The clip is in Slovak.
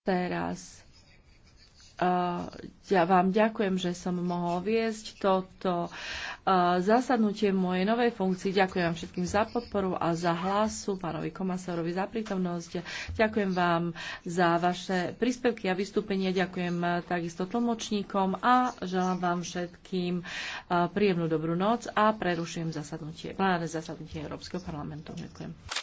Teraz eh, ja vám ďakujem, že som mohol viesť toto eh, zasadnutie mojej novej funkcii. Ďakujem vám všetkým za podporu a za hlasu, pánovi komasárovi za prítomnosť. Ďakujem vám za vaše príspevky a vystúpenie, Ďakujem eh, takisto tlmočníkom a želám vám všetkým príjemnú dobrú noc a prerušujem zasadnutie, plánne zasadnutie Európskeho parlamentu. Ďakujem.